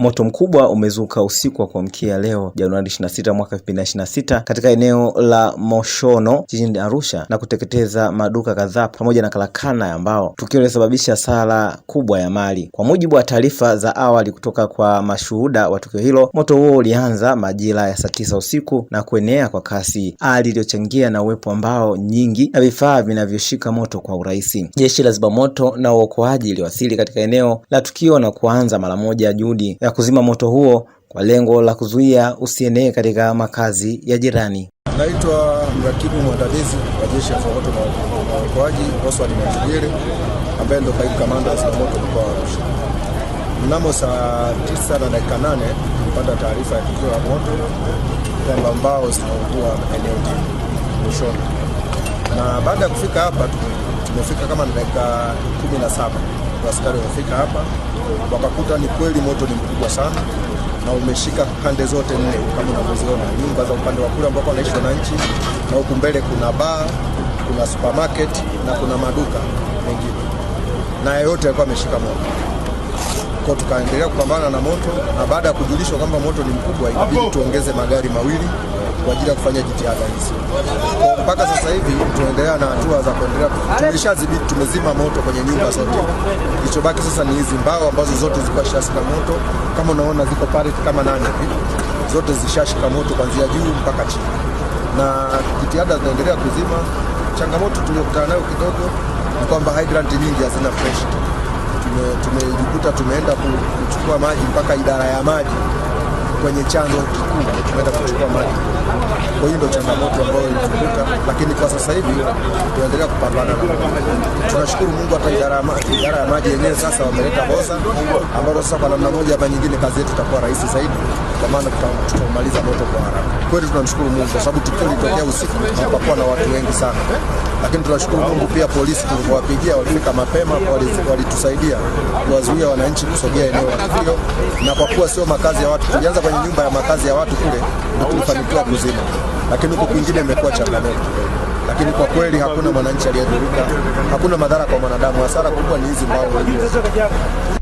Moto mkubwa umezuka usiku wa kuamkia leo Januari 26 mwaka 2026 katika eneo la Moshono jijini Arusha na kuteketeza maduka kadhaa pamoja na karakana ya mbao, tukio lilisababisha hasara kubwa ya mali. Kwa mujibu wa taarifa za awali kutoka kwa mashuhuda wa tukio hilo, moto huo ulianza majira ya saa tisa usiku na kuenea kwa kasi, hali iliyochangia na uwepo wa mbao nyingi na vifaa vinavyoshika moto kwa urahisi. Jeshi la zimamoto na uokoaji liwasili katika eneo la tukio na kuanza mara moja juhudi ya kuzima moto huo kwa lengo la kuzuia usienee katika makazi ya jirani. Naitwa mrakibu mwandalizi wa jeshi la zimamoto na uokoaji Oswald Mwajigere ambaye ndo kaibu kamanda wa zimamoto mkoa wa Arusha. Mnamo saa tisa na dakika nane tulipata taarifa ya tukio la moto kwamba mbao zinaungua eneo hili mwishoni na baada ya kufika hapa tumefika kama na dakika kumi na saba askari wamefika hapa wakakuta ni kweli moto ni mkubwa sana na umeshika pande zote nne kama unavyoziona nyumba za upande wa kule ambako wanaishi wananchi na huku mbele kuna baa kuna supermarket na kuna maduka mengine na yote yalikuwa ameshika moto kwa tukaendelea kupambana na moto, na baada ya kujulishwa kwamba moto ni mkubwa, ikabidi tuongeze magari mawili kwa ajili ya kufanya jitihada hizi. mpaka sasa hivi tunaendelea na hatua za kuendelea, tumeshadhibiti, tumezima moto kwenye nyumba zote. Kilichobaki sasa ni hizi mbao ambazo zote zilikuwa zishashika moto, kama unaona ziko pale kama nane hivi, zote zishashika moto kuanzia juu mpaka chini, na jitihada zinaendelea kuzima. Changamoto tuliyokutana nayo kidogo ni kwamba hydrant nyingi hazina fresh tumejikuta tume tumeenda kuchukua maji mpaka idara ya maji kwenye chanzo kikuu kwenda kuchukua maji. Kwa hiyo ndio changamoto ambayo ilifunguka, lakini kwa sasa hivi tunaendelea kupambana. na Tunashukuru Mungu, hata idara ya maji yenyewe sasa wameleta BOSA ambalo sasa kwa namna moja ama nyingine kazi yetu itakuwa rahisi zaidi, kwa maana tutamaliza moto kwa haraka. Kweli tunamshukuru Mungu kwa sababu tukio lilitokea usiku, hapakuwa na watu wengi sana, lakini tunashukuru Mungu pia polisi tulipowapigia walifika mapema, walitusaidia kuwazuia wananchi kusogea eneo la tukio, na kwa kuwa sio makazi ya watu tulianza kwenye nyumba ya makazi ya watu kule ndio tulifanikiwa kuzima, lakini huko kwingine imekuwa changamoto. Lakini kwa kweli hakuna mwananchi aliyedhurika, hakuna madhara kwa mwanadamu. Hasara kubwa ni hizi mbao